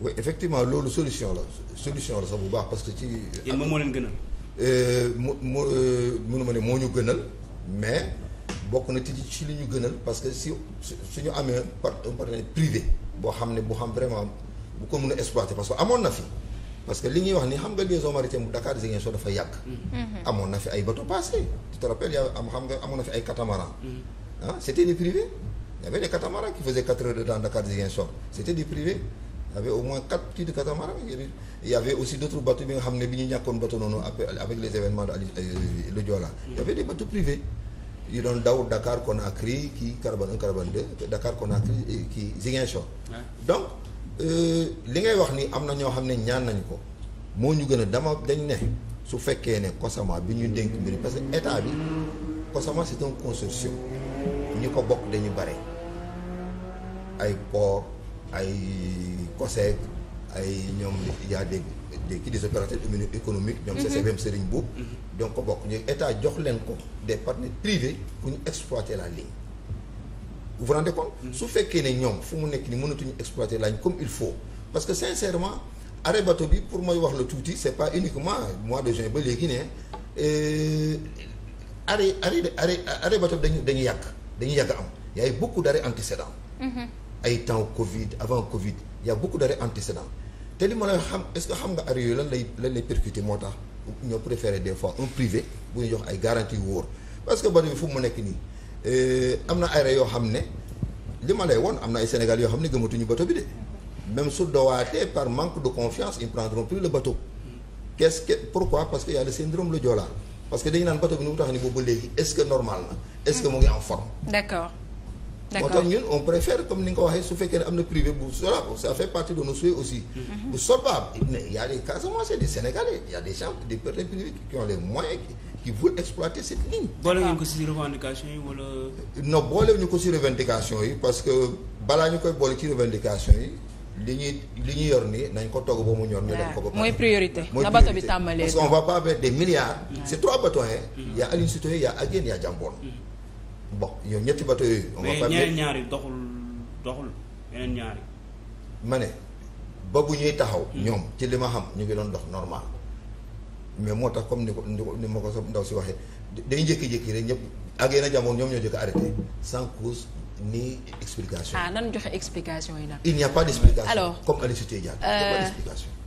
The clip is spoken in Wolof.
oui effectivement loolu solution la solution la sax bu baax parce que ci. yéen moom moo leen gënal. mu euh, mu euh, mënuma ne moo ñu gënal mais bokk na ci ci li ñu gënal parce que si suñu amee un privé boo xam ne bu xam vraiment bu ko mën a exploiter parce que amoon na fi parce que li ñuy wax ni xam nga liaison maritime bu Dakar Ziguinchor dafa yàgg. Mm-hmm. amoon na fi ay bateau passé tu ay catamaran. Mm-hmm. ah qui faisaient quatre heures de temps Dakar Ziguinchor c' était des y avait au moins quatre petits de catamaran il bi nga xam ne bi ñu ñàkkoon bateau noonu avec les événements de le euh, Joola il y avait des bateaux privés yu doon daw Dakar Conakry kii Carabane 1 Carabane 2 Dakar Conakry kii donc euh, li ngay wax ni am na ñoo xam ne ñaan nañu ko moo ñu gën a dama dañ ne su fekkee ne COSAMA bi ñu dénk mbiri parce que état bi COSAMA c'est un consortium ñi ko bokk dañu bare ay port ay COSEC ay ñoom y a des des kii des opérateurs économiques ñoom CCBM mhm. Serigne Boub mhm. donc ko bokk ñu état jox leen ko des partenaires privés pour ñu exploiter la ligne vous vous rendez mhm. su fekkee ne ñoom fu mu nekk nii mënatuñu exploiter laañ comme il faut parce que sincèrement arrêt bateau bi pour mooy wax la tuuti c'est pas uniquement mois de juin ba léegi ne euh, arrêt arrêt arrêt arrêt bateau bi dañu dañu yàgg dañu yàgg am yaay beaucoup d'arrêts antécédents ay temps Covid avant Covid il y a beaucoup d'arrêts antécédents te li ma lay xam est que xam nga arrêt yooyu lan lay lan lay percuté moo tax ñoo préféré des fois un privé bu ñu jox ay garantie wóor parce que bari bi fu mu nekk nii euh, am na arrêt yoo xam ne li ma lay woon am na ay Sénégal yoo xam ne gëmatuñu bateau bi de même su dowaatee par manque de confiance ils prendront plus le bateau qu'est-ce que pourquoi parce que y a le syndrome le Joola parce que dañu naan bateau bi mu tax ni boobu léegi est que normal na est-ce que moo tax ñun on préfère comme ni nga ko waxee su fekkee ne am na privé bu sola ko ça fait partie de nos souhaits aussi bu mhm. solvable mais il y a des Casamançais des Sénégalais il y a des gens des personnes privées qui ont les moyens qui veulent exploiter cette ligne boole ngeen ko si revendication yi wala non boole ñu ko si revendication yi parce que balaa ñu koy boole ci revendication yi li ñuy ñu yor nii nañ ko togg ba mu ñor ko ba mooy priorité na bato bi tàmbalee milliards c'est trois bateaux hein mhm. il y a Aline Sitoé il y bo yow ñetti bateau yooyu. on ñaari doxul doxul ñeneen ñaari. ma ne ba bu ñuy taxaw. Hmm. ñoom ci li ma xam ñu ngi doon dox normal. mais moo tax comme ni ko ni ma ko ndaw si waxee day jékki-jékki rek ñëpp ak yeneen jamono ñoom ñoo jëkk arrêté sans cause ni explication. ah nan joxe explication yi nag. il n'y a pas d'explication. alors comme Alicité Diagne. il n'y a pas euh,